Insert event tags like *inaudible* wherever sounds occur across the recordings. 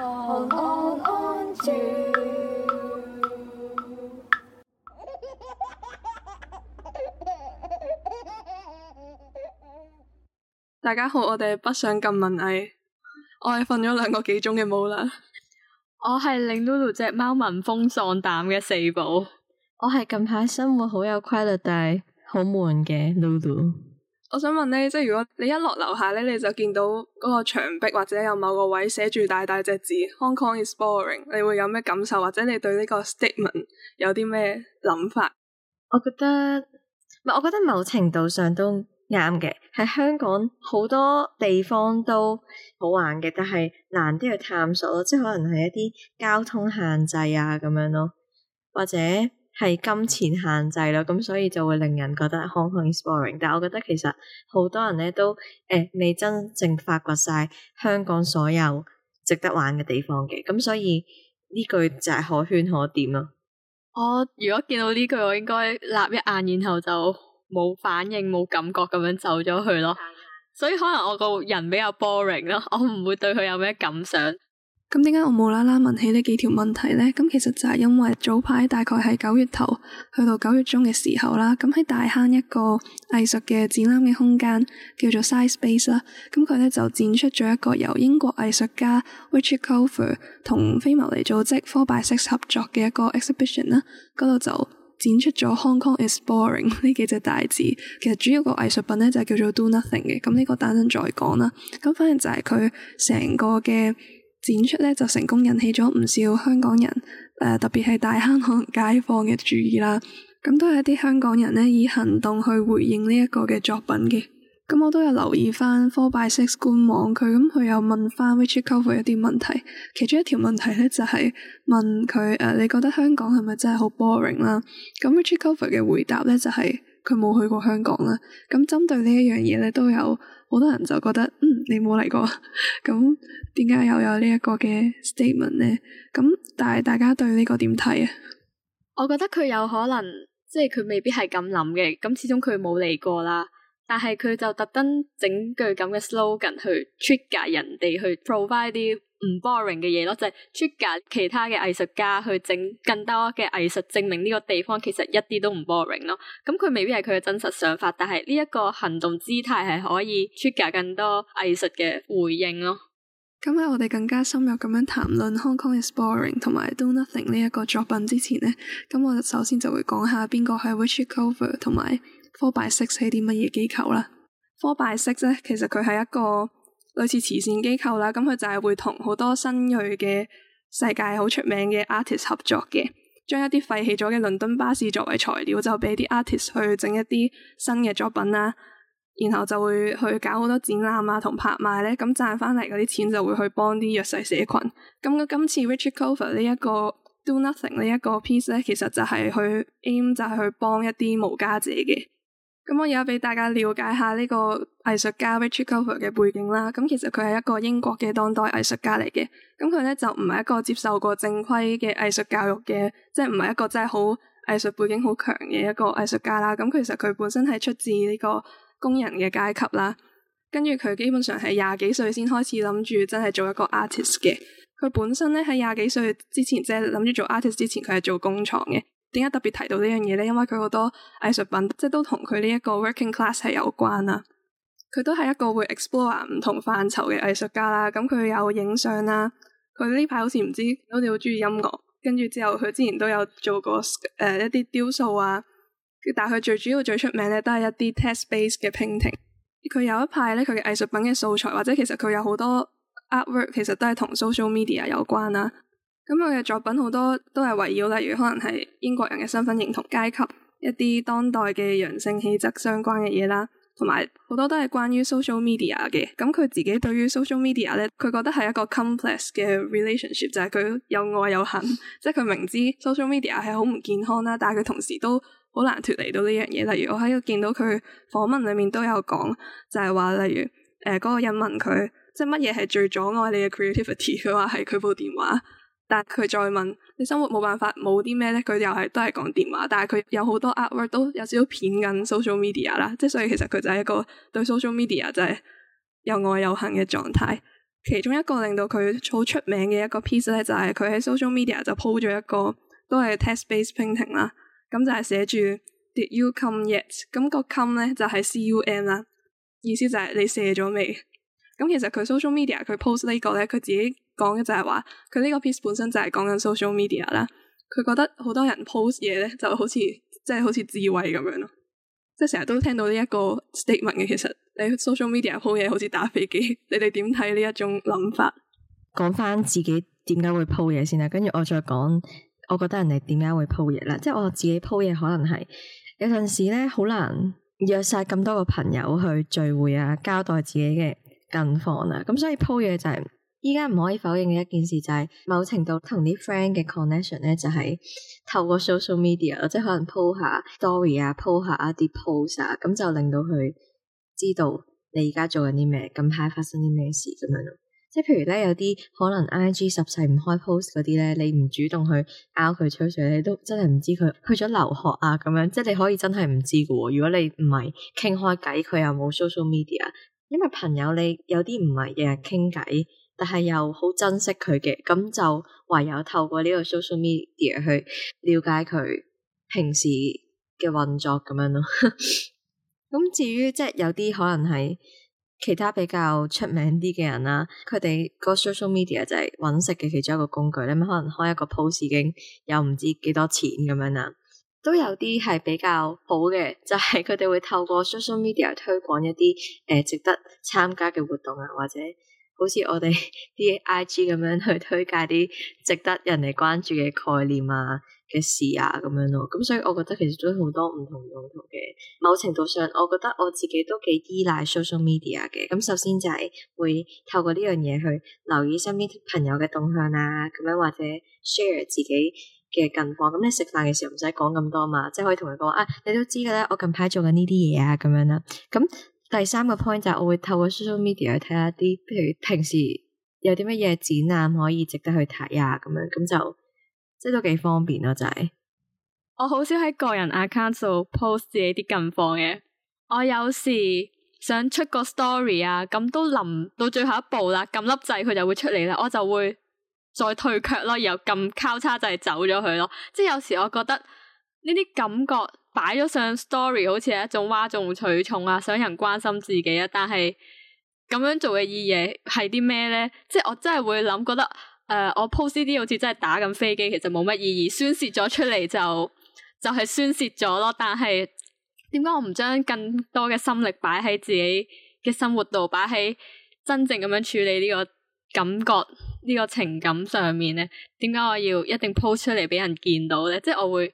All, all，大家好，我哋係唔想咁文藝。我係瞓咗兩個幾鐘嘅 Mola。我係令 Lulu 隻貓聞風喪膽嘅四寶。我係近排生活好有規律但係好悶嘅 Lulu。我想問咧，即係如果你一落樓下咧，你就見到嗰個牆壁或者有某個位寫住大大隻字 Hong Kong is boring，你會有咩感受或者你對呢個 statement 有啲咩諗法？我覺得，唔係，我覺得某程度上都啱嘅。喺香港好多地方都好玩嘅，但係難啲去探索咯，即係可能係一啲交通限制啊咁樣咯，或者，係金錢限制啦，咁所以就會令人覺得 Hong Kong is boring。但係我覺得其實好多人咧都誒未、欸、真正發掘晒香港所有值得玩嘅地方嘅，咁所以呢句就係可圈可點咯。我如果見到呢句，我應該立一眼，然後就冇反應、冇感覺咁樣走咗去咯。所以可能我個人比較 boring 咯，我唔會對佢有咩感想。咁點解我無啦啦問起呢幾條問題呢？咁其實就係因為早排大概係九月頭去到九月中嘅時候啦，咁喺大坑一個藝術嘅展覽嘅空間叫做 Side Space 啦，咁佢咧就展出咗一個由英國藝術家 Richie Culver 同非牟利組織 4BYSIX 合作嘅一個 exhibition 啦，嗰度就展出咗 Hong Kong is boring 呢幾隻大字。其實主要個藝術品咧就係叫做 Do Nothing 嘅，咁呢個等陣再講啦。咁反正就係佢成個嘅展出咧就成功引起咗唔少香港人，誒、呃，特別係大坑巷街坊嘅注意啦。咁、嗯、都係一啲香港人咧以行動去回應呢一個嘅作品嘅。咁、嗯、我都有留意翻 4BYSIX 官網，佢咁佢有問翻 Richie Culver 一啲問題，其中一條問題咧就係、是、問佢誒、呃、你覺得香港係咪真係好 boring 啦？咁 Richie Culver 嘅回答咧就係、是。佢冇去過香港啦，咁針對呢一樣嘢咧，都有好多人就覺得，嗯，你冇嚟過，咁點解又有，有呢一個嘅 statement 咧？咁但係大家對個呢個點睇啊？我覺得佢有可能，即係佢未必係咁諗嘅，咁始終佢冇嚟過啦，但係佢就特登整句咁嘅 slogan 去 trigger 人哋去 provide 啲。唔 boring 嘅嘢咯，就係、是、trigger 其他嘅藝術家去整更多嘅藝術，證明呢個地方其實一啲都唔 boring 咯。咁佢未必係佢嘅真實想法，但係呢一個行動姿態係可以 trigger 更多藝術嘅回應咯。咁喺我哋更加深入咁樣談論 Hong Kong is boring 同埋 Do Nothing 呢一、這個作品之前呢，咁我哋首先就會講下邊個係 Richie Culver 同埋 4BYSIX 係啲乜嘢機構啦。4BYSIX 咧，其實佢係一個。類似慈善機構啦，咁佢就係會同好多新鋭嘅世界好出名嘅 artist 合作嘅，將一啲廢棄咗嘅倫敦巴士作為材料，就畀啲 artist 去整一啲新嘅作品啦，然後就會去搞好多展覽啊同拍賣咧，咁賺翻嚟嗰啲錢就會去幫啲弱勢社群。咁今次 Richie Culver 呢一個 Do Nothing 呢一個 piece 咧，其實就係去 aim 就係去幫一啲無家者嘅。咁我而家畀大家了解下呢個藝術家 Richie Culver 嘅背景啦。咁其實佢係一個英國嘅當代藝術家嚟嘅。咁佢咧就唔係一個接受過正規嘅藝術教育嘅，即係唔係一個真係好藝術背景好強嘅一個藝術家啦。咁其實佢本身係出自呢個工人嘅階級啦。跟住佢基本上係廿幾歲先開始諗住真係做一個 artist 嘅。佢本身咧喺廿幾歲之前，即係諗住做 artist 之前，佢係做工廠嘅。點解特別提到呢樣嘢咧？因為佢好多藝術品，即係都同佢呢一個 working class 係有關啦。佢都係一個會 explore 唔同範疇嘅藝術家啦。咁佢有影相啦，佢呢排好似唔知都好鍾意音樂。跟住之後，佢之前都有做過誒、呃、一啲雕塑啊。但係佢最主要最出名咧，都係一啲 text-based 嘅 painting。佢有一派咧，佢嘅藝術品嘅素材或者其實佢有好多 artwork，其實都係同 social media 有關啦。咁佢嘅作品好多都係圍繞，例如可能係英國人嘅身份認同階級、階級一啲當代嘅陽性氣質相關嘅嘢啦，同埋好多都係關於 social media 嘅。咁佢自己對於 social media 咧，佢覺得係一個 complex 嘅 relationship，就係佢有愛有恨， *laughs* 即係佢明知 social media 係好唔健康啦，但係佢同時都好難脫離到呢樣嘢。例如我喺度見到佢訪問裏面都有講，就係話，例如誒嗰、呃嗰個人問佢，即係乜嘢係最阻礙你嘅 creativity？佢話係佢部電話。但佢再問你生活冇辦法冇啲咩咧？佢又係都係講電話。但係佢有好多 artwork 都有少少片緊 social media 啦。即係所以，其實佢就係一個對 social media 就係又愛又恨嘅狀態。其中一個令到佢好出名嘅一個 piece 咧，就係佢喺 social media 就 po 咗一個都係 text based painting 啦。咁就係寫住 Did You Cum Yet？咁、個 come 咧就係 c u m 啦，意思就係你卸咗未？咁其實佢 social media 佢 post 呢個咧，佢自己。講嘅就係話佢呢個 piece 本身就係講緊 social media 啦。佢覺得好多人 post 嘢咧，就好似即係好似智慧咁樣咯。即係成日都聽到呢一個 statement 嘅。其實你 social media post 嘢好似打飛機，你哋點睇呢一種諗法？講翻自己點解會 post 嘢先啦，跟住我再講，我覺得人哋點解會 post 嘢啦。即係我自己 post 嘢可能係有陣時咧，好難約晒咁多個朋友去聚會啊，交代自己嘅近況啊，咁所以 post 嘢就係。依家唔可以否認嘅一件事就係某程度同啲 friend 嘅 connection 咧，就係透過 social media， *music* 即係可能 po 下 story 啊，po 下一啲 post 啊，咁就令到佢知道你而家做緊啲咩，近排發生啲咩事咁樣咯。即係譬如咧，有啲可能 IG 十世唔開 post 嗰啲咧，你唔主動去溝佢吹水，你都真係唔知佢去咗留學啊咁樣。即係你可以真係唔知㗎喎，如果你唔係傾開偈，佢又冇 social media，因為朋友你有啲唔係日日傾偈。但係又好珍惜佢嘅，咁就唯有透過呢個 social media 去了解佢平時嘅運作咁樣咯。咁 *laughs* 至於即係有啲可能係其他比較出名啲嘅人啦，佢哋個 social media 就係揾食嘅其中一個工具咧。可能開一個 post 已經有唔知幾多錢咁樣啦。都有啲係比較好嘅，就係佢哋會透過 social media 推廣一啲誒、呃、值得參加嘅活動啊，或者。好似我哋啲 IG 咁樣去推介啲值得人哋關注嘅概念啊嘅事啊咁樣咯，咁、嗯、所以我覺得其實都好多唔同用途嘅。某程度上，我覺得我自己都幾依賴 social media 嘅。咁、嗯、首先就係會透過呢樣嘢去留意身邊朋友嘅動向啊，咁樣或者 share 自己嘅近況。咁、嗯、你食飯嘅時候唔使講咁多嘛，即係可以同佢講啊，你都知嘅啦，我近排做緊呢啲嘢啊，咁樣啦，咁。嗯第三個 point 就係我會透過 social media 去睇一啲，譬如平時有啲乜嘢展覽，可以值得去睇啊，咁樣咁就即係、就係、都幾方便咯，就係。我好少喺個人 account 度 post 自己啲近況嘅，我有時想出個 story 啊，咁都臨到最後一步啦，撳粒掣佢就會出嚟啦，我就會再退卻咯，然後撳交叉就掣走咗佢咯。即係有時我覺得呢啲感覺。擺咗上 story，好似係一種嘩眾取寵啊，想人關心自己啊。但係咁樣做嘅意義係啲咩呢？即係我真係會諗，覺得誒、呃，我 post 啲好似真係打緊飛機，其實冇乜意義。宣洩咗出嚟就就係、是、宣洩咗咯。但係點解我唔將更多嘅心力擺喺自己嘅生活度，擺喺真正咁樣處理呢個感覺、呢、呢個情感上面呢？點解我要一定 post 出嚟俾人見到呢？即係我會。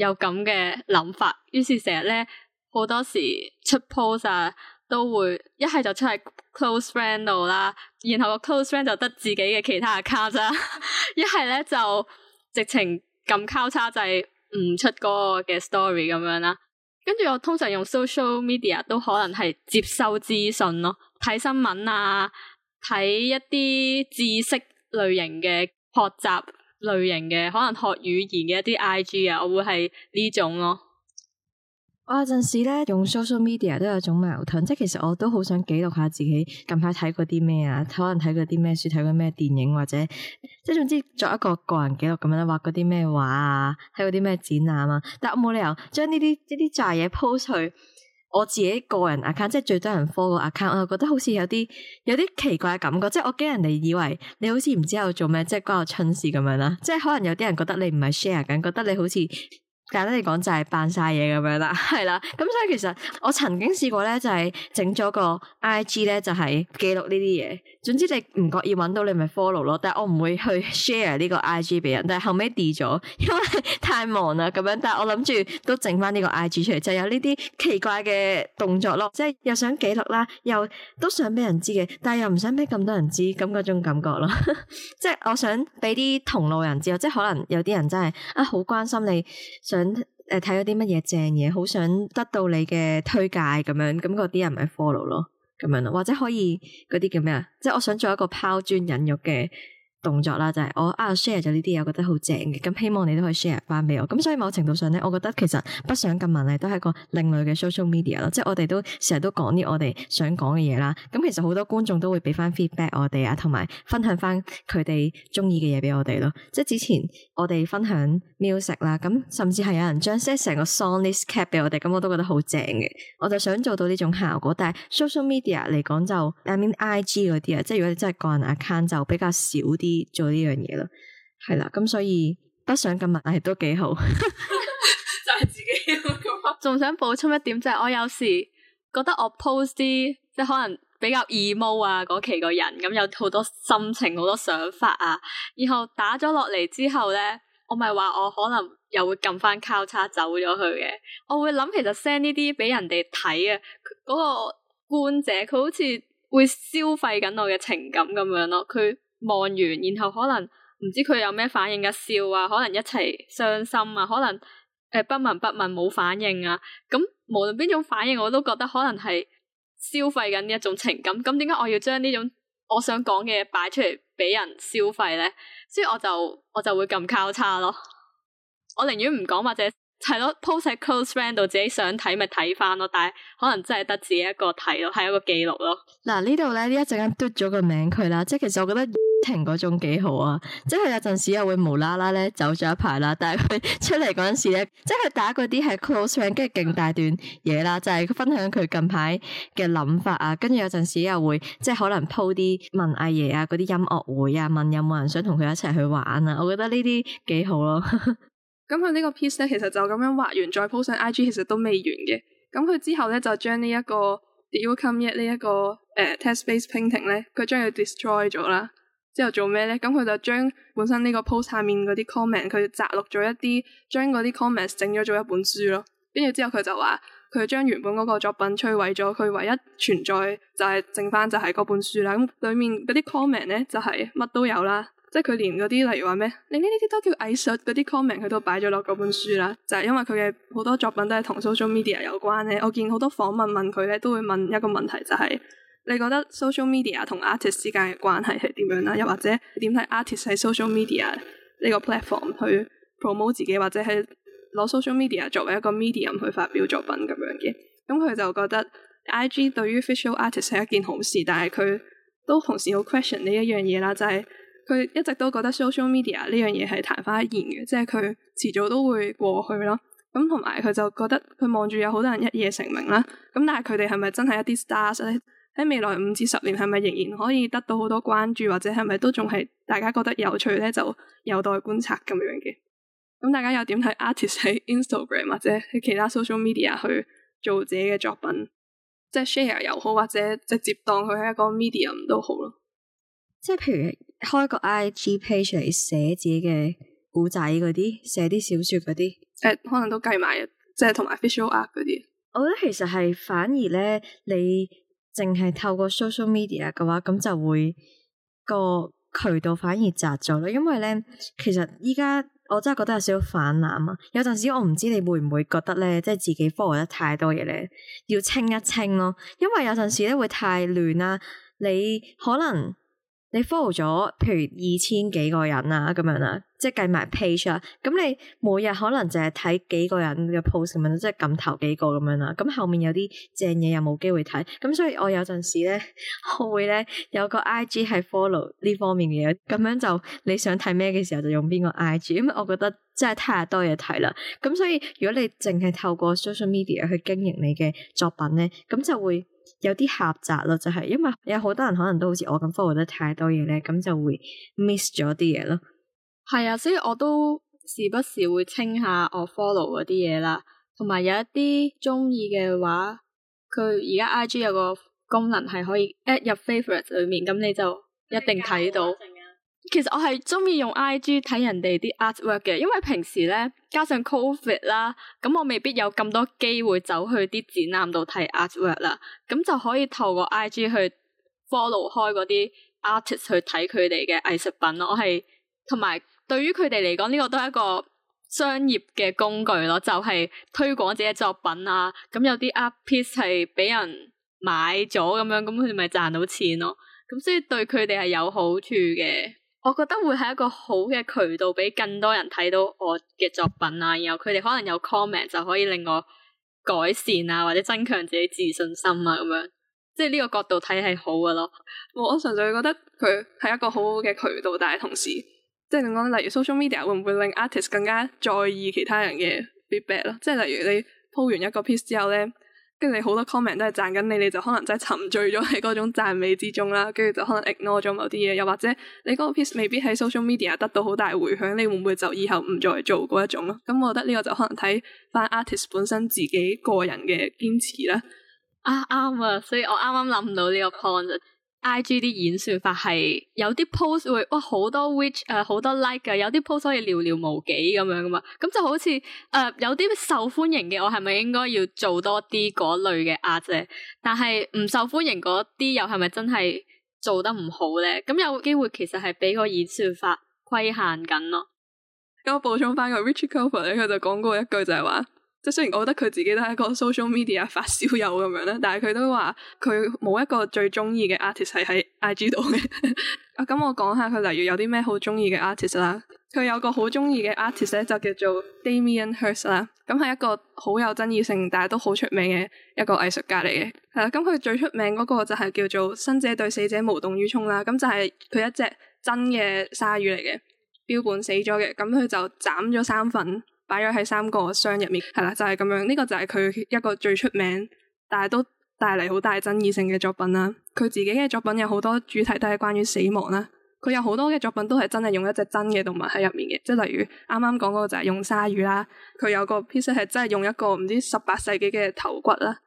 有咁嘅諗法，於是成日咧，好多時出 post 啊，都會一係就出喺 close friend 度、啊、啦，然後個 close friend 就得自己嘅其他嘅卡咋，一係咧就直情咁交叉就係唔出嗰個嘅 story 咁樣啦、啊。跟住我通常用 social media 都可能係接收資訊咯，睇新聞啊，睇一啲知識類型嘅學習。類型嘅可能學語言嘅一啲 I G 啊，我會係呢種咯。我有陣時咧用 social media 都有種矛盾，即係其實我都好想記錄下自己近排睇過啲咩啊，可能睇過啲咩書，睇過咩電影，或者即係總之作一個個人記錄咁樣啦，畫啲咩畫啊，睇過啲咩展覽啊，但我冇理由將呢啲呢啲雜嘢 post 去。我自己個人 account，即係最多人 follow account，我又覺得好似有啲有啲奇怪嘅感覺，即係我驚人哋以為你好似唔知喺度做咩，即係關我春事咁樣啦，即係可能有啲人覺得你唔係 share 緊，覺得你好似。簡單嚟講就係扮晒嘢咁樣啦，係啦，咁所以其實我曾經試過咧，就係整咗個 IG 咧，就係記錄呢啲嘢。總之你唔覺意揾到你咪 follow 咯，但係我唔會去 share 呢個 IG 俾人，但係後尾 d 咗，因為太忙啦咁樣。但係我諗住都整翻呢個 IG 出嚟，就有呢啲奇怪嘅動作咯，即係又想記錄啦，又都想俾人知嘅，但係又唔想俾咁多人知，咁嗰種感覺咯。即係我想俾啲同路人知，即係可能有啲人真係啊好關心你想。想誒，睇咗啲乜嘢正嘢，好想得到你嘅推介咁樣，咁嗰啲人咪 follow 咯，咁樣，咯，或者可以嗰啲叫咩啊？即係我想做一個拋磚引玉嘅。動作啦，就係、是、我 share 咗呢啲，我覺得好正嘅，咁希望你都可以 share 翻俾我。咁所以某程度上咧，我覺得其實不想咁問咧，都係個另類嘅 social media 咯。即係我哋都成日都講啲我哋想講嘅嘢啦。咁其實好多觀眾都會俾翻 feedback 我哋啊，同埋分享翻佢哋鍾意嘅嘢俾我哋咯。即係之前我哋分享 music 啦，咁甚至係有人將 set 成個 song list cap 俾我哋，咁我都覺得好正嘅。我就想做到呢種效果，但係 social media 嚟講就，I mean IG 嗰啲啊，即係如果你真係個人 account 就比較少啲。做呢樣嘢啦，係啦，咁所以不想咁問係都幾好，就係自己。仲想補充一點，就係、是、我有時覺得我 post 啲即係可能比較 emo 啊嗰期個人，咁有好多心情、好多想法啊，然後打咗落嚟之後咧，我咪話我可能又會撳翻交叉走咗佢嘅。我會諗，其實 send 呢啲俾人哋睇啊，嗰、那個觀者佢好似會消費緊我嘅情感咁樣咯，佢。望完，然後可能唔知佢有咩反應嘅笑啊，可能一齊傷心啊，可能誒、呃、不聞不問冇反應啊，咁無論邊種反應，我都覺得可能係消費緊呢一種情感。咁點解我要將呢種我想講嘅嘢擺出嚟俾人消費咧？所以我就我就會咁交叉咯。我寧願唔講或者係咯，post 喺 close friend 度自己想睇咪睇翻咯，但係可能真係得自己一個睇咯，係一個記錄咯。嗱呢度咧，呢一陣間嘟咗個名佢啦，即係其實我覺得。種幾好啊，即係有陣時又會無啦啦咧走咗一排啦，但係佢出嚟嗰陣時咧，即係打嗰啲係 close friend，跟住勁大段嘢啦，就係、是、分享佢近排嘅諗法啊。跟住有陣時又會即係可能鋪啲文藝嘢啊嗰啲音樂會啊，問有冇人想同佢一齊去玩啊。我覺得呢啲幾好咯。咁佢呢個 piece 咧，其實就咁樣畫完再鋪上 IG，其實都未完嘅。咁佢之後咧就將呢一個 Do You Cum Yet，這個呃、呢一個誒 test based painting 咧，佢將佢 destroy 咗啦。之後做咩咧？咁佢就將本身呢個 post 下面嗰啲 comment，佢摘錄咗一啲，將嗰啲 comments 整咗做一本書咯。跟住之後佢就話，佢將原本嗰個作品摧毀咗，佢唯一存在就係剩翻就係嗰本書啦。咁裡面嗰啲 comment 咧就係乜都有啦，即係佢連嗰啲例如話咩，你呢呢啲都叫藝術嗰啲 comment，佢都擺咗落嗰本書啦。就係、是、因為佢嘅好多作品都係同 social media 有關咧，我見好多訪問問佢咧，都會問一個問題就係、是。你覺得 social media 同 artist 之間嘅關係係點樣啦？又或者點睇 artist 喺 social media 呢個 platform 去 promote 自己，或者係攞 social media 作為一個 medium 去發表作品咁樣嘅？咁佢就覺得 IG 對於 visual artist 係一件好事，但係佢都同時好 question 呢一樣嘢啦，就係佢一直都覺得 social media 呢樣嘢係曇花一現嘅，即係佢遲早都會過去咯。咁同埋佢就覺得佢望住有好多人一夜成名啦。咁但係佢哋係咪真係一啲 stars 咧？喺未來五至十年，係咪仍然可以得到好多關注，或者係咪都仲係大家覺得有趣咧？就有待觀察咁樣嘅。咁大家又點睇 artist 喺 Instagram 或者喺其他 social media 去做自己嘅作品，即係 share 又好，或者直接當佢係一個 medium 都好咯。即係譬如開個 IG page 嚟寫自己嘅古仔嗰啲，寫啲小說嗰啲，誒、欸，可能都計埋，即係同埋 official art 嗰啲。我覺得其實係反而咧，你，淨係透過 social media 嘅話，咁就會個渠道反而窄咗咯。因為咧，其實而家我真係覺得有少少泛濫啊。有陣時我唔知你會唔會覺得咧，即係自己 follow 得太多嘢咧，要清一清咯。因為有陣時咧會太亂啦，你可能你 follow 咗，譬如二千幾個人啊，咁樣啦。即係計埋 page 啊！咁你每日可能淨係睇幾個人嘅 post 咁樣，即係撳頭幾個咁樣啦。咁後面有啲正嘢，又冇機會睇。咁所以我有陣時咧，我會咧有個 I G 係 follow 呢方面嘅嘢，咁樣，就你想睇咩嘅時候就用邊個 I G。因為我覺得真係太多嘢睇啦。咁所以如果你淨係透過 social media 去經營你嘅作品咧，咁就會有啲狹窄咯。就係因為有好多人可能都好似我咁 follow 得太多嘢咧，咁就會 miss 咗啲嘢咯。係啊，所以我都時不時會清下我 follow 嗰啲嘢啦，同埋有一啲中意嘅話，佢而家 IG 有個功能係可以 add 入 favorite 裏面，咁你就一定睇到。佳其實我係中意用 IG 睇人哋啲 artwork 嘅，因為平時咧加上 Covid 啦，咁我未必有咁多機會走去啲展覽度睇 artwork 啦，咁就可以透過 IG 去 follow 開嗰啲 artists 去睇佢哋嘅藝術品咯，我係同埋。對於佢哋嚟講，呢個都係一個商業嘅工具咯，就係推廣自己作品啊。咁有啲 art piece 係俾人買咗咁樣，咁佢哋咪賺到錢咯。咁所以對佢哋係有好處嘅。我覺得會係一個好嘅渠道，俾更多人睇到我嘅作品啊。然後佢哋可能有 comment 就可以令我改善啊，或者增強自己自信心啊。咁樣即係呢個角度睇係好嘅咯。我純粹覺得佢係一個好好嘅渠道，但係同時。即係點講咧？例如 social media 會唔會令 artist 更加在意其他人嘅 feedback 咯？即係例如你鋪完一個 piece 之後咧，跟住你好多 comment 都係讚緊你，你就可能真係沉醉咗喺嗰種讚美之中啦，跟住就可能 ignore 咗某啲嘢，又或者你嗰個 piece 未必喺 social media 得到好大回響，你會唔會就以後唔再做嗰一種咯？咁我覺得呢個就可能睇翻 artist 本身自己個人嘅堅持啦。啱啱啊，所以我啱啱諗唔到呢個 point 啫。I G 啲演算法係有啲 post 會哇好多 which 誒、呃、好多 like 嘅，有啲 post 可以寥寥無幾咁樣噶嘛，咁就好似誒、呃、有啲受歡迎嘅，我係咪應該要做多啲嗰類嘅阿姐？但係唔受歡迎嗰啲又係咪真係做得唔好咧？咁有機會其實係俾個演算法規限緊咯。咁我補充翻個 Richie Culver 咧，佢就講過一句就係話。即係雖然我覺得佢自己都係一個 social media 發燒友咁樣啦，但係佢都話佢冇一個最中意嘅 artist 係喺 IG 度嘅。啊、 *laughs* 嗯，咁我講下佢例如有啲咩好中意嘅 artist 啦。佢有個好中意嘅 artist 咧，就叫做 Damien Hirst 啦。咁係一個好有爭議性，但係都好出名嘅一個藝術家嚟嘅。係、嗯、啦，咁、嗯、佢最出名嗰個就係叫做生者對死者無動於衷啦。咁就係、是、佢一隻真嘅鯊魚嚟嘅標本死咗嘅，咁佢就斬咗三份。擺咗喺三個箱入面，係啦，就係咁樣。呢個就係佢一個最出名，但係都帶嚟好大爭議性嘅作品啦。佢自己嘅作品有好多主題都係關於死亡啦。佢有好多嘅作品都係真係用一隻真嘅動物喺入面嘅，即係例如啱啱講嗰個就係用鯊魚啦。佢有個 piece 係真係用一個唔知十八世紀嘅頭骨啦。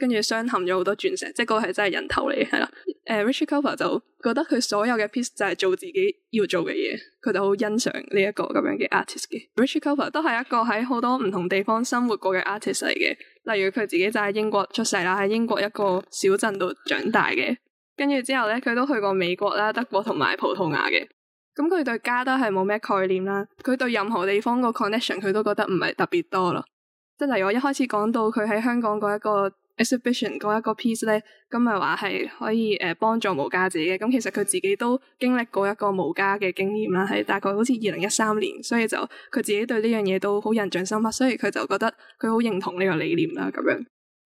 跟住傷含咗好多鑽石，即係嗰個係真係人頭嚟，係啦。誒，Richie Culver 就覺得佢所有嘅 piece 就係做自己要做嘅嘢，佢就好欣賞呢一個咁樣嘅 artist 嘅。Richie Culver 都係一個喺好多唔同地方生活過嘅 artist 嚟嘅，例如佢自己就喺英國出世啦，喺英國一個小鎮度長大嘅。跟住之後呢，佢都去過美國啦、德國同埋葡萄牙嘅。咁佢對家都係冇咩概念啦，佢對任何地方個 connection 佢都覺得唔係特別多咯。即係例如我一開始講到佢喺香港嗰一個。exhibition 嗰一個 piece 咧，咁咪話係可以誒幫助無家者嘅。咁其實佢自己都經歷過一個無家嘅經驗啦，喺大概好似二零一三年。所以就佢自己對呢樣嘢都好印象深刻，所以佢就覺得佢好認同呢個理念啦。咁樣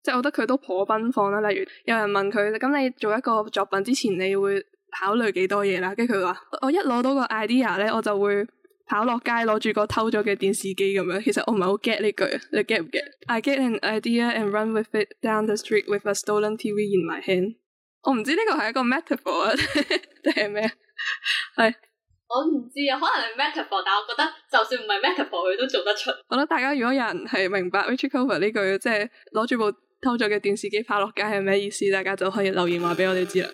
即係我覺得佢都頗奔放啦。例如有人問佢咁，你做一個作品之前，你會考慮幾多嘢啦？跟住佢話：我一攞到個 idea 咧，我就會，跑落街攞住個偷咗嘅電視機咁樣，其實我唔係好 get 呢句，你 get 唔 get？I get an idea and run with it down the street with a stolen TV in my hand。我唔知呢個係一個 metaphor 定、啊、係咩，係 *laughs* 什 *laughs* 是我唔知啊，可能係 metaphor，但係我覺得就算唔係 metaphor，佢都做得出。我諗大家如果有人係明白 Richie Culver 呢句，即係攞住部偷咗嘅電視機跑落街係咩意思，大家就可以留言話俾我哋知啦。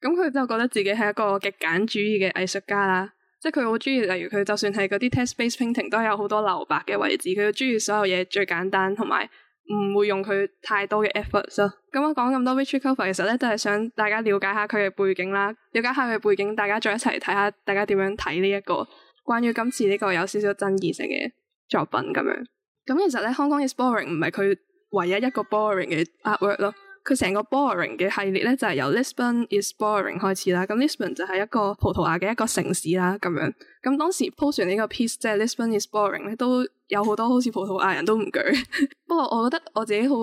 咁佢 *laughs* 就覺得自己係一個極簡主義嘅藝術家啦。即係佢好中意，例如佢就算係嗰啲 text based painting 都有好多留白嘅位置，佢中意所有嘢最簡單，同埋唔會用佢太多嘅 efforts 咯、啊。咁我講咁多 Richie Culver 其實咧，都係想大家了解下佢嘅背景啦，了解下佢背景，大家再一齊睇下大家點樣睇呢一個關於今次呢個有少少爭議性嘅作品咁樣。咁、啊嗯、其實咧，Hong Kong is boring 唔係佢唯一一個 boring 嘅 artwork 咯、啊。佢成個 boring 嘅系列咧，就係、是、由 Lisbon is boring 開始啦。咁 Lisbon 就係一個葡萄牙嘅一個城市啦。咁樣咁當時 post 完呢個 piece 即係 Lisbon is boring 咧，都有好多好似葡萄牙人都唔舉。 *laughs* 不過我覺得我自己好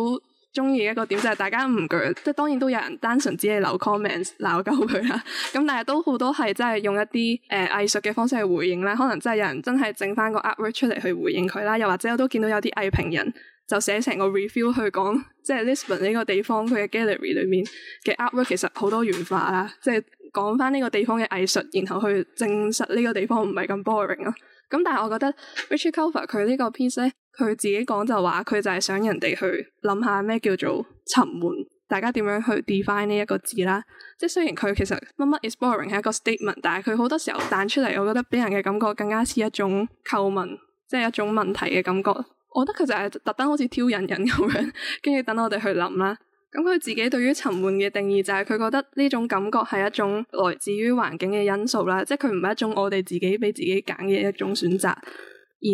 中意一個點，就係、是、大家唔舉。即係當然都有人單純只係留 comments 鬧鳩佢啦。咁 *laughs* 但係都好多係即係用一啲誒、呃、藝術嘅方式去回應啦。可能即係有人真係整翻個 artwork 出嚟去回應佢啦。又或者我都見到有啲藝評人，就寫成個 review 去講，即係 Lisbon 呢個地方佢嘅 gallery 裏面嘅 artwork 其實好多元化啦。即係講翻呢個地方嘅藝術，然後去證實呢個地方唔係咁 boring 啊。咁但係我覺得 Richie Culver 佢呢個 piece 咧，佢自己講就話佢就係想人哋去諗下咩叫做沉悶，大家點樣去 define 呢一個字啦。即係雖然佢其實乜乜 is boring 係一個 statement，但係佢好多時候彈出嚟，我覺得俾人嘅感覺更加似一種叩問，即係一種問題嘅感覺。我覺得佢就係特登好似挑引人咁樣，跟住等我哋去諗啦。咁佢自己對於沉悶嘅定義就係佢覺得呢種感覺係一種來自於環境嘅因素啦，即係佢唔係一種我哋自己俾自己揀嘅一種選擇。而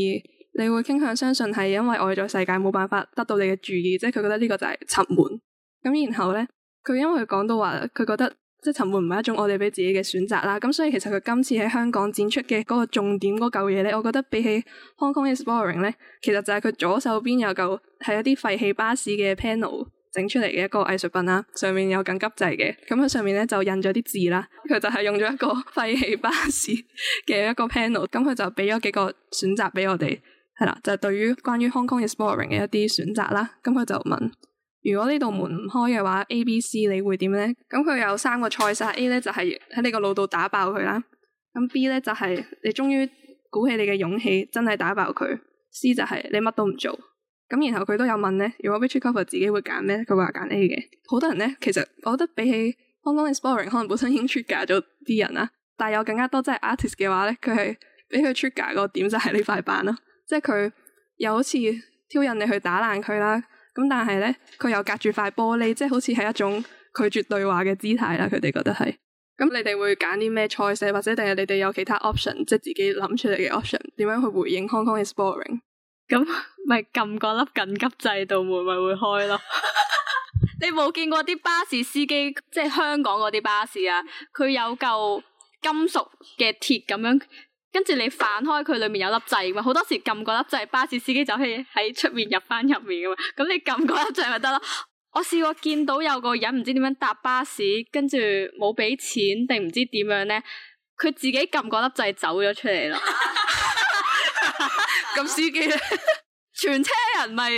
你會傾向相信係因為外在世界冇辦法得到你嘅注意，即係佢覺得呢個就係沉悶。咁然後咧，佢因為佢講到話，佢覺得。即沉悶唔係一種我哋俾自己嘅選擇啦，咁所以其實佢今次喺香港展出嘅嗰個重點嗰嚿嘢咧，我覺得比起 Hong Kong is boring 咧，其實就係佢左手邊有嚿係一啲廢棄巴士嘅 panel 整出嚟嘅一個藝術品啦，上面有緊急掣嘅，咁佢上面咧就印咗啲字啦，佢就係用咗一個廢棄巴士嘅一個 panel，咁佢就俾咗幾個選擇俾我哋，係啦，就係、是、對於關於 Hong Kong is boring 嘅一啲選擇啦，咁佢就問。如果呢度門唔開嘅話，A、B、C 你會點咧？咁佢有三個菜式，A 咧就係喺你個腦度打爆佢啦。咁 B 咧就係你終於鼓起你嘅勇氣，真係打爆佢。C 就係你乜都唔做。咁然後佢都有問咧，如果 Richie Culver 自己會揀咩？佢話揀 A 嘅。好多人咧，其實我覺得比起 Hong Kong is boring，可能本身已經 trigger 咗啲人啦。但係有更加多即係 artist 嘅話咧，佢係俾佢 trigger 個點就係呢塊板咯，即係佢又好似挑釁你去打爛佢啦。咁但係咧，佢又隔住塊玻璃，即係好似係一種拒絕對話嘅姿態啦。佢哋覺得係，咁你哋會揀啲咩菜色，或者定係你哋有其他 option，即係自己諗出嚟嘅 option，點樣去回應 Hong Kong is boring？咁咪撳個粒緊急制度門咪會開咯。 *laughs* *laughs* 你冇見過啲巴士司機，即係香港嗰啲巴士啊，佢有嚿金屬嘅鐵咁樣。跟住你反開佢裏面有粒掣嘛，好多時撳個粒掣，巴士司機就可以喺出面入翻入面噶嘛，咁你撳嗰粒掣咪得咯。我試過見到有個人唔知點樣搭巴士，跟住冇俾錢定唔知點樣咧，佢自己撳個粒掣走咗出嚟咯。咁司機咧，全車人咪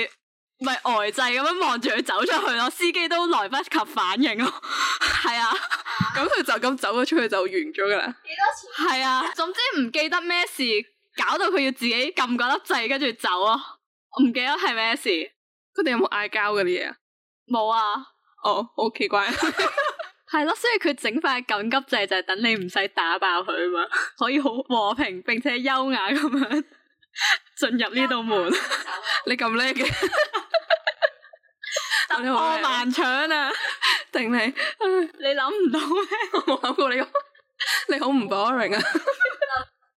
咪呆滯咁樣望住佢走出去咯，司機都來不及反應咯，係 *laughs* 啊。咁佢、啊、就咁走咗出去就完咗噶啦。幾多錢？係啊，總之唔記得咩事，搞到佢要自己撳個粒掣、啊，跟住走咯。我唔記得係咩事？佢哋有冇嗌交嗰啲嘢啊？冇啊。哦，好奇怪。係咯，所以佢整塊緊急掣就係等你唔使打爆佢啊嘛，可以好和平並且優雅咁樣進入呢度門。惑 *laughs* 你咁叻嘅，我盲搶啊！定你？你諗唔到咩？我冇諗過你個，你好唔 boring 啊！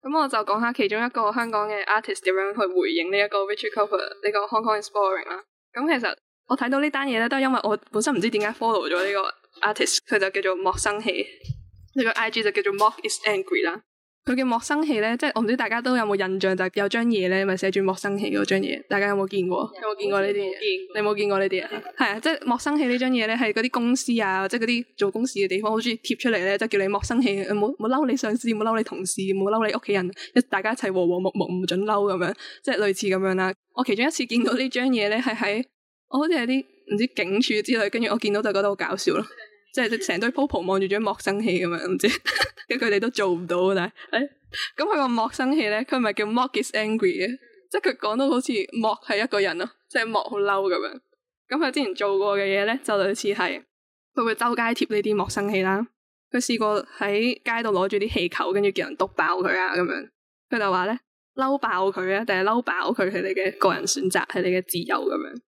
咁 *laughs* 我就講下其中一個香港嘅 artist 點樣去回應呢一個 Richie Culver 呢個 Hong Kong is boring 啦、啊。咁其實我睇到呢單嘢咧，都係因為我本身唔知點解 follow 咗呢個 artist，佢就叫做莫生氣，呢、這個 IG 就叫做 mok、is angry 啦。佢嘅莫生氣咧，即係我唔知大家都有冇印象，就係、有張嘢咧，咪寫住莫生氣嗰張嘢，大家有冇見過？有冇見過呢啲嘢？你有冇見過呢啲啊？係啊， *laughs* 即係莫生氣呢張嘢咧，係嗰啲公司啊，即係嗰啲做公事嘅地方，好中意貼出嚟咧，即係叫你莫生氣，唔冇嬲你上司，冇嬲你同事，冇嬲你屋企人，一大家一齊和和睦睦，唔准嬲咁樣，即係類似咁樣啦。我其中一次見到張呢張嘢咧，係喺我好似係啲唔知警署之類，跟住我見到就覺得好搞笑咯。即係成堆 p o 望住張莫生氣咁樣，唔知跟佢哋都做唔到，但係咁佢個莫生氣咧，佢唔係叫 mok is angry 嘅，即係佢講到好似莫係一個人咯，即係莫好嬲咁樣。咁佢之前做過嘅嘢咧，就類似係佢會周街貼呢啲莫生氣啦。佢試過喺街度攞住啲氣球，跟住叫人篤爆佢啊咁樣。佢就話咧，嬲爆佢啊，定係嬲爆佢，係你嘅個人選擇，係你嘅自由咁樣。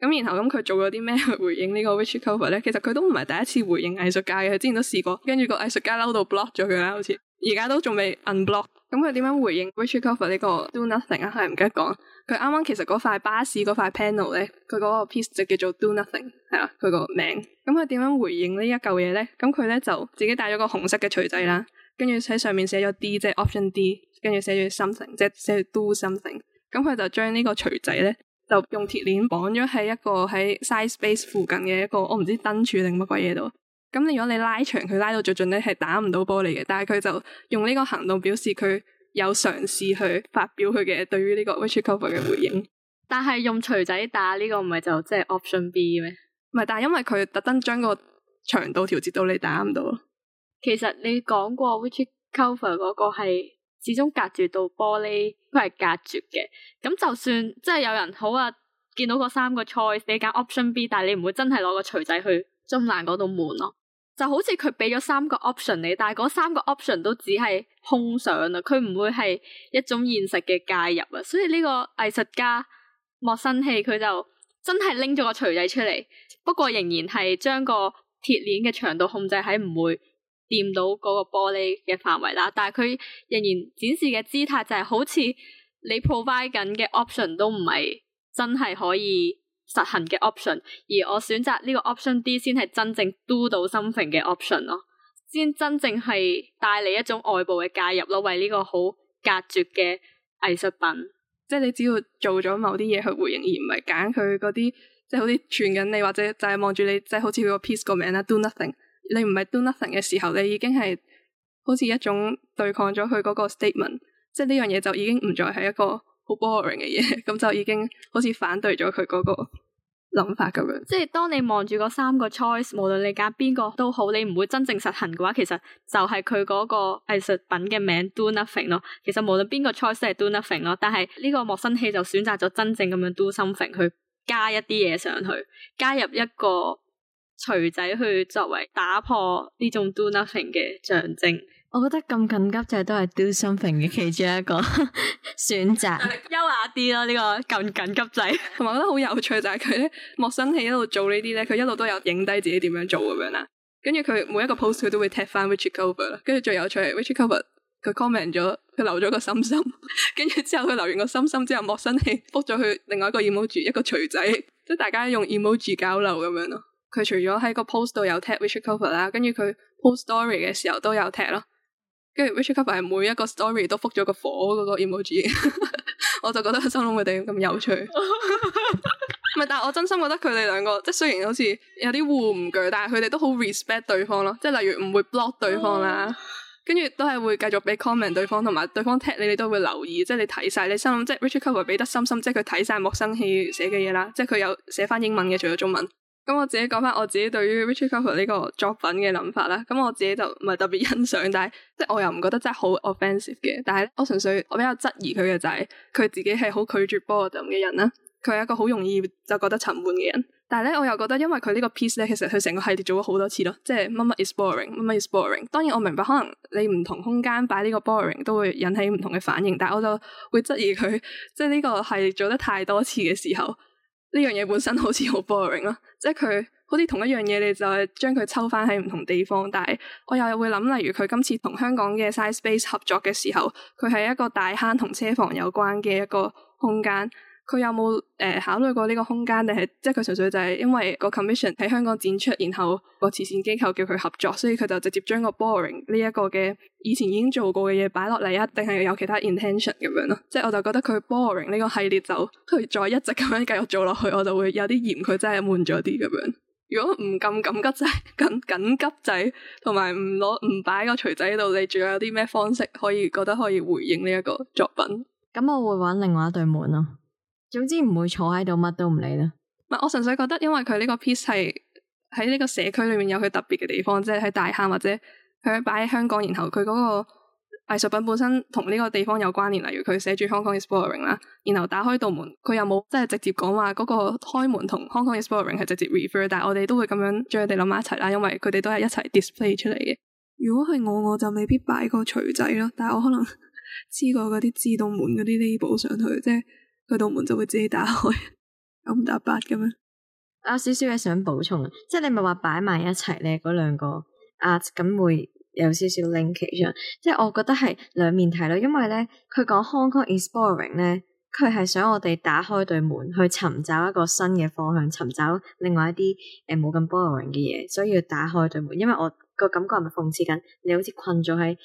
咁然後咁佢做咗啲咩去回應呢個 Richie Culver 咧？其實佢都唔係第一次回應藝術家嘅，佢之前都試過，跟住個藝術家嬲到 block 咗佢啦，好似而家都仲未 unblock。咁佢點樣回應 Richie Culver 呢個 Do Nothing 啊？係唔記得講。佢啱啱其實嗰塊巴士嗰塊 panel 咧，佢嗰個 piece 就叫做 Do Nothing，係啦、啊，佢個名。咁佢點樣回應呢一舊嘢咧？咁佢咧就自己帶咗個紅色嘅錘仔啦，跟住喺上面寫咗 D，即係 option D，跟住寫住 something，即係寫住 do something。咁佢就將呢個錘仔咧。就用鐵鏈綁咗喺一個喺 Side Space 附近嘅一個我唔知燈柱定乜鬼嘢度，咁你如果你拉長佢拉到最盡咧，係打唔到玻璃嘅，但係佢就用呢個行動表示佢有嘗試去發表佢嘅對於呢個 Richie Culver 嘅回應。但係用錘仔打呢個唔係就即係 option B 咩？唔係，但係因為佢特登將個長度調節到你打唔到。其實你講過 Richie Culver 嗰個係。始終隔住道玻璃，佢係隔住嘅。咁就算即係有人好啊，見到個三個 choice，你揀 option B，但係你唔會真係攞個錘仔去沖爛嗰道門咯、啊。就好似佢畀咗三個 option 你，但係嗰三個 option 都只係空想啦，佢唔會係一種現實嘅介入啊。所以呢個藝術家莫生氣，佢就真係拎咗個錘仔出嚟，不過仍然係將個鐵鏈嘅長度控制喺唔會。掂到嗰個玻璃嘅範圍啦，但係佢仍然展示嘅姿態就係好似你 provide 緊嘅 option 都唔係真係可以實行嘅 option，而我選擇呢個 option D 先係真正 do 到 something 嘅 option 咯，先真正係帶嚟一種外部嘅介入咯，為呢個好隔絕嘅藝術品，即係你只要做咗某啲嘢去回應，而唔係揀佢嗰啲即係好似傳緊你或者就係望住你，即係好似佢個 piece 個名啦，do nothing。你唔係 do nothing 嘅時候，你已經係好似一種對抗咗佢嗰個 statement，即係呢樣嘢就已經唔再係一個好 boring 嘅嘢，咁就已經好似反對咗佢嗰個諗法咁樣。即係當你望住嗰三個 choice，無論你揀邊個都好，你唔會真正實行嘅話，其實就係佢嗰個藝術品嘅名 do nothing 咯。其實無論邊個 choice 都係 do nothing 咯，但係呢個莫生氣就選擇咗真正咁樣 do something 去加一啲嘢上去，加入一個。錘仔去作為打破呢種 do nothing 嘅象徵，我覺得咁緊急就制都係 do something 嘅其中一個 *laughs* 選擇擇，優 *laughs* 雅啲咯，呢個咁緊急仔，同 *laughs* 埋我覺得好有趣就係佢莫生氣一路做呢啲咧，佢一路都有影低自己點樣做咁樣啦。跟住佢每一個 post 佢都會踢翻 Richie Culver 啦，跟住最有趣係 Richie Culver 佢 comment 咗佢留咗個心心，跟 *laughs* 住之後佢留完個心心之後，莫生氣覆咗去另外一個 emoji 一個錘仔，即係大家用 emoji 交流咁樣咯。佢除咗喺個 post 度有 tag Richie Culver 啦，跟住佢 post story 嘅時候都有 tag 咯。跟住 Richie Culver 係每一個 story 都覆咗個火嗰個 emoji， *laughs* 我就覺得心諗佢哋咁有趣。唔 *laughs* 係，但係我真心覺得佢哋兩個，即係雖然好似有啲互唔舉，但係佢哋都好 respect 對方咯。即係例如唔會 block 對方啦，跟住、哦、都係會繼續俾 comment 對方，同埋對方 tag 你，你哋都會留意。即係你睇晒，你心諗即係 Richie Culver 俾得深深，即係佢睇晒莫生氣寫嘅嘢啦。即係佢有寫翻英文嘅，除咗中文。咁我自己講翻我自己對於 Richie Culver 呢個作品嘅諗法啦，咁我自己就唔係特別欣賞，但係即係我又唔覺得真係好 offensive 嘅，但係我純粹我比較質疑佢嘅就係佢自己係好拒絕 boredom 嘅人啦，佢係一個好容易就覺得沉悶嘅人，但係咧我又覺得因為佢呢個 piece 咧，其實佢成個系列做咗好多次咯，即係乜乜 is boring，乜乜 is boring。當然我明白可能你唔同空間擺呢個 boring 都會引起唔同嘅反應，但係我就會質疑佢即係呢個係做得太多次嘅時候。呢樣嘢本身好似好 boring 咯，即係佢好似同一樣嘢，你就係將佢抽翻喺唔同地方，但係我又，又會諗，例如佢今次同香港嘅 Side Space 合作嘅時候，佢係一個大坑同車房有關嘅一個空間。佢有冇誒、呃、考慮過呢個空間？定係即係佢純粹就係因為個 commission 喺香港展出，然後個慈善機構叫佢合作，所以佢就直接將個 boring 呢一個嘅以前已經做過嘅嘢擺落嚟，定係有其他 intention 咁樣咯？即係我就覺得佢 boring 呢個系列就佢再一直咁樣繼續做落去，我就會有啲嫌佢真係悶咗啲咁樣。如果唔咁緊急仔緊緊急仔，同埋唔攞唔擺個錘仔喺度，你仲有啲咩方式可以覺得可以回應呢一個作品？咁我會揾另外一對門咯。總之唔會坐喺度乜都唔理啦。唔係，我純粹覺得因為佢呢個 piece 係喺呢個社區裏面有佢特別嘅地方，即係喺大坑或者佢擺喺香港，然後佢嗰個藝術品本身同呢個地方有關聯，例如佢寫住 Hong Kong is boring 啦，然後打開度門，佢又冇即係直接講話嗰個開門同 Hong Kong is boring 係直接 refer，但係我哋都會咁樣將佢哋諗埋一齊啦，因為佢哋都係一齊 display 出嚟嘅。如果係我，我就未必擺個錘仔咯，但係我可能黐過嗰啲自動門嗰啲 label 上去，即係。佢道門就會自己打開，有五打八咁樣。有少少嘢想補充，即係你咪話擺埋一齊咧，嗰兩個啊咁會有少少 linking 上，即係我覺得係兩面睇咯。因為咧，佢講 Hong Kong is boring 咧，佢係想我哋打開對門去尋找一個新嘅方向，尋找另外一啲誒冇咁 boring 嘅嘢，所以要打開對門。因為我個感覺係咪諷刺緊？你好似困咗喺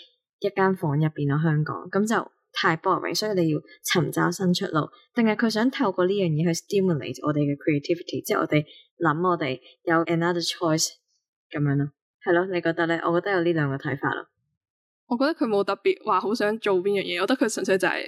一間房入邊咯，香港咁就。太 boring，所以你要尋找新出路，定係佢想透過呢樣嘢去 stimulate 我哋嘅 creativity，即係我哋諗我哋有 another choice 咁樣咯。係咯，你覺得咧？我覺得有呢兩個睇法咯。我覺得佢冇特別話好想做邊樣嘢，我覺得佢純粹就係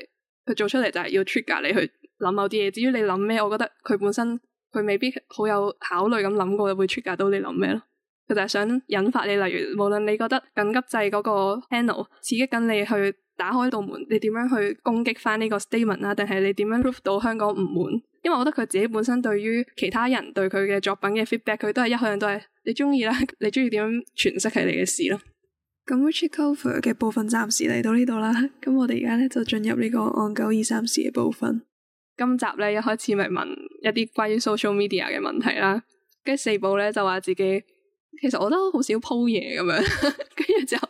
佢做出嚟就係要 trigger 你去諗某啲嘢。至於你諗咩，我覺得佢本身佢未必好有考慮咁諗過會 trigger 到你諗咩咯。佢就係想引發你，例如無論你覺得緊急制嗰個 panel 刺激緊你去。打開道門，你點樣去攻擊翻呢個 statement 啊？定係你點樣 prove 到香港唔滿？因為我覺得佢自己本身對於其他人對佢嘅作品嘅 feedback，佢都係一向都係你中意啦，你中意點樣詮釋係你嘅事咯。咁 Richie Culver 嘅部分暫時嚟到呢度啦。咁我哋而家咧就進入呢個岸久二三事嘅部分。今集咧一開始咪問一啲關於 social media 嘅問題啦，跟住四寶咧就話自己其實我都好少 po 嘢咁樣，跟住就。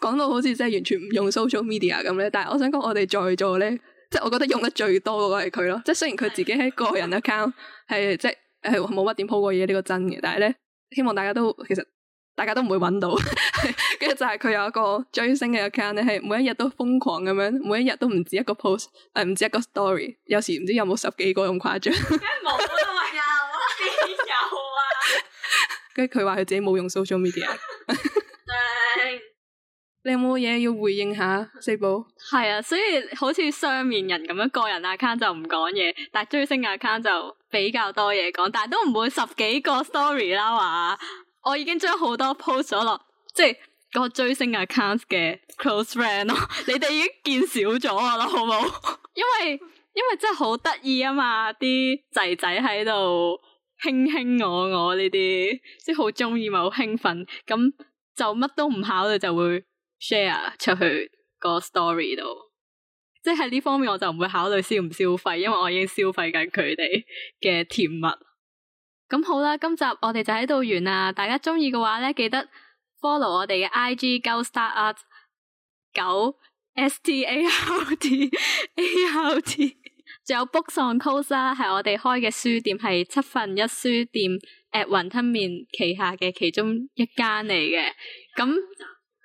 講到好似真係完全唔用 social media 咁咧，但係我想講我哋在座咧，即係我覺得用得最多嗰個係佢咯。即係雖然佢自己喺個人 account 係 *laughs* 即係誒冇乜點 po 過嘢呢、這個真嘅，但係咧，希望大家都其實大家都唔會揾到。跟 *laughs* 住 *laughs* 就係佢有一個追星嘅 account 咧，係每一日都瘋狂咁樣，每一日都唔止一個 post，誒、呃、唔止一個 story，有時唔知有冇十幾個咁誇張。冇啊，邊有啊？跟住佢話佢自己冇用 social media。你有冇嘢要回應下四寶？係啊，所以好似雙面人咁樣，個人 account 就唔講嘢，但係追星 account 就比較多嘢講，但係都唔會十幾個 story 啦，話我已經將好多 post 咗落，即係、個追星 account 嘅 close friend 咯， *laughs* 你哋已經見少咗我咯，好冇？ *laughs* 因為因為真係好得意啊嘛，啲仔仔喺度卿卿我我呢啲，即係好中意嘛，好興奮，咁就乜都唔考慮，就會。share 出去個 story 度，即係呢方面我就唔會考慮消唔消費，因為我已經消費緊佢哋嘅甜蜜、嗯。咁好啦，今集我哋就喺度完啦，大家中意嘅話咧，記得 follow 我哋嘅 IG Go Start art，九 S T A R T A R T，仲有 Book Song Coza 係我哋開嘅書店，係七分一書店 at 雲吞麵旗下嘅其中一間嚟嘅，咁。 *laughs*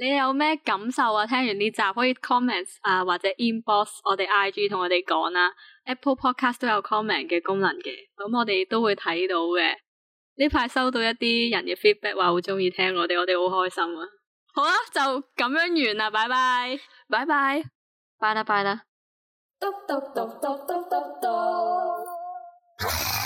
你有咩感受啊？聽完呢集可以 comment 啊，或者 inbox 我哋 IG 同我哋講啦。Apple Podcast 都有 comment 嘅功能嘅，咁我哋都會睇到嘅。呢排收到一啲人嘅 feedback，話好中意聽我哋，我哋好開心啊！好啦、啊，就咁樣完啦，拜拜，拜拜，拜啦拜啦。 *music*